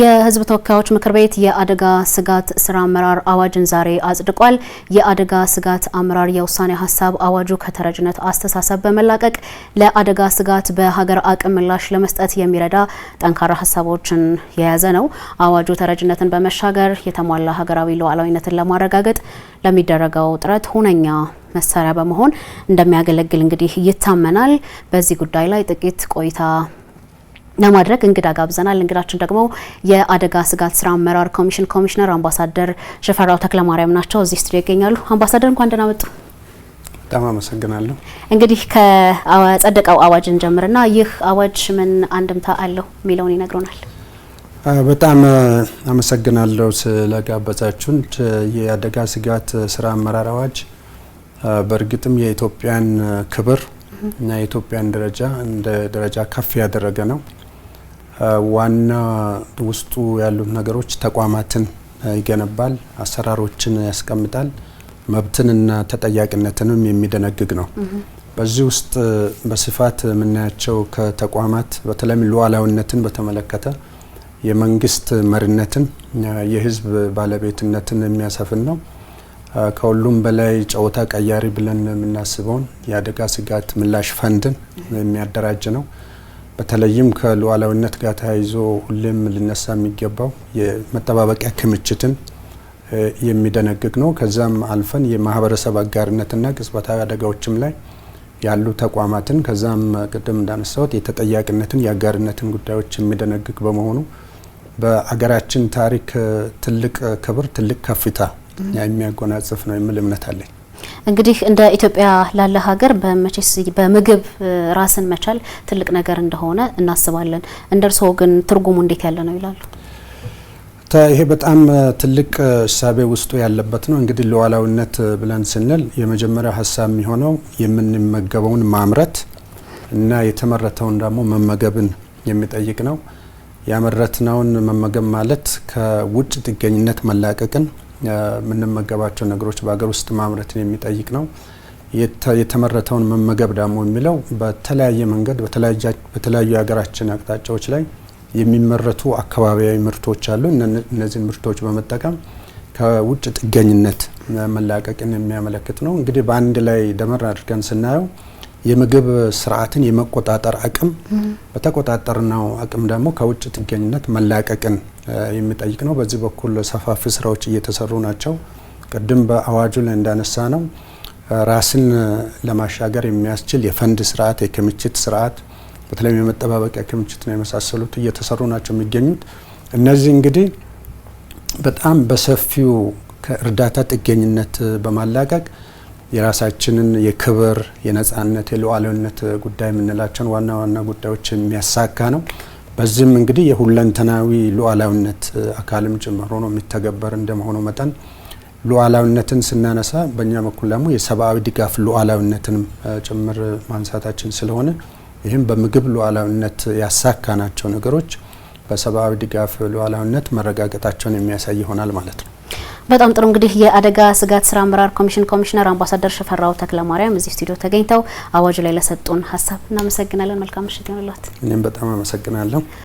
የህዝብ ተወካዮች ምክር ቤት የአደጋ ስጋት ስራ አመራር አዋጅን ዛሬ አጽድቋል። የአደጋ ስጋት አመራር የውሳኔ ሀሳብ አዋጁ ከተረጅነት አስተሳሰብ በመላቀቅ ለአደጋ ስጋት በሀገር አቅም ምላሽ ለመስጠት የሚረዳ ጠንካራ ሀሳቦችን የያዘ ነው። አዋጁ ተረጅነትን በመሻገር የተሟላ ሀገራዊ ሉዓላዊነትን ለማረጋገጥ ለሚደረገው ጥረት ሁነኛ መሳሪያ በመሆን እንደሚያገለግል እንግዲህ ይታመናል። በዚህ ጉዳይ ላይ ጥቂት ቆይታ ለማድረግ እንግዳ ጋብዘናል። እንግዳችን ደግሞ የአደጋ ስጋት ስራ አመራር ኮሚሽን ኮሚሽነር አምባሳደር ሽፈራው ተክለማርያም ናቸው። እዚህ ስቱዲዮ ይገኛሉ። አምባሳደር እንኳን ደህና መጡ። በጣም አመሰግናለሁ። እንግዲህ ከጸደቀው አዋጅ እንጀምርና ይህ አዋጅ ምን አንድምታ አለው የሚለውን ይነግሩናል። በጣም አመሰግናለሁ ስለጋበዛችሁን። የአደጋ ስጋት ስራ አመራር አዋጅ በእርግጥም የኢትዮጵያን ክብር እና የኢትዮጵያን ደረጃ እንደ ደረጃ ከፍ ያደረገ ነው። ዋና ውስጡ ያሉት ነገሮች ተቋማትን ይገነባል፣ አሰራሮችን ያስቀምጣል፣ መብትንና ተጠያቂነትንም የሚደነግግ ነው። በዚህ ውስጥ በስፋት የምናያቸው ከተቋማት በተለይም ሉዓላዊነትን በተመለከተ የመንግስት መሪነትን የህዝብ ባለቤትነትን የሚያሰፍን ነው። ከሁሉም በላይ ጨዋታ ቀያሪ ብለን የምናስበውን የአደጋ ስጋት ምላሽ ፈንድን የሚያደራጅ ነው። በተለይም ከሉዓላዊነት ጋር ተያይዞ ሁሌም ልነሳ የሚገባው የመጠባበቂያ ክምችትን የሚደነግግ ነው። ከዛም አልፈን የማህበረሰብ አጋርነትና ቅጽበታዊ አደጋዎችም ላይ ያሉ ተቋማትን ከዛም ቅድም እንዳነሳሁት የተጠያቂነትን የአጋርነትን ጉዳዮች የሚደነግግ በመሆኑ በአገራችን ታሪክ ትልቅ ክብር፣ ትልቅ ከፍታ የሚያጎናጽፍ ነው የሚል እምነት አለኝ። እንግዲህ እንደ ኢትዮጵያ ላለ ሀገር በመቼስ በምግብ ራስን መቻል ትልቅ ነገር እንደሆነ እናስባለን። እንደ እርስዎ ግን ትርጉሙ እንዴት ያለ ነው ይላሉ? ይሄ በጣም ትልቅ እሳቤ ውስጡ ያለበት ነው። እንግዲህ ሉዓላዊነት ብለን ስንል የመጀመሪያው ሀሳብ የሚሆነው የምንመገበውን ማምረት እና የተመረተውን ደግሞ መመገብን የሚጠይቅ ነው። ያመረትነውን መመገብ ማለት ከውጭ ጥገኝነት መላቀቅን የምንመገባቸው ነገሮች በሀገር ውስጥ ማምረትን የሚጠይቅ ነው። የተመረተውን መመገብ ደግሞ የሚለው በተለያየ መንገድ በተለያዩ የሀገራችን አቅጣጫዎች ላይ የሚመረቱ አካባቢያዊ ምርቶች አሉ። እነዚህን ምርቶች በመጠቀም ከውጭ ጥገኝነት መላቀቅን የሚያመለክት ነው። እንግዲህ በአንድ ላይ ደመር አድርገን ስናየው የምግብ ስርዓትን የመቆጣጠር አቅም በተቆጣጠርነው አቅም ደግሞ ከውጭ ጥገኝነት መላቀቅን የሚጠይቅ ነው። በዚህ በኩል ሰፋፊ ስራዎች እየተሰሩ ናቸው። ቅድም በአዋጁ ላይ እንዳነሳ ነው ራስን ለማሻገር የሚያስችል የፈንድ ስርዓት፣ የክምችት ስርዓት በተለይም የመጠባበቂያ ክምችት ነው የመሳሰሉት እየተሰሩ ናቸው የሚገኙት። እነዚህ እንግዲህ በጣም በሰፊው ከእርዳታ ጥገኝነት በማላቀቅ የራሳችንን የክብር የነጻነት፣ የሉዓላዊነት ጉዳይ የምንላቸውን ዋና ዋና ጉዳዮች የሚያሳካ ነው። በዚህም እንግዲህ የሁለንተናዊ ሉዓላዊነት አካልም ጭምር ሆኖ የሚተገበር እንደመሆኑ መጠን ሉዓላዊነትን ስናነሳ በእኛ በኩል ደግሞ የሰብአዊ ድጋፍ ሉዓላዊነትንም ጭምር ማንሳታችን ስለሆነ ይህም በምግብ ሉዓላዊነት ያሳካናቸው ነገሮች በሰብአዊ ድጋፍ ሉዓላዊነት መረጋገጣቸውን የሚያሳይ ይሆናል ማለት ነው። በጣም ጥሩ እንግዲህ የአደጋ ስጋት ስራ አመራር ኮሚሽን ኮሚሽነር አምባሳደር ሽፈራው ማርያም እዚህ ስቱዲዮ ተገኝተው አዋጁ ላይ ለሰጡን ሀሳብ እናመሰግናለን። መልካም ምሽት ይሁንልዎት። እኔም በጣም አመሰግናለሁ።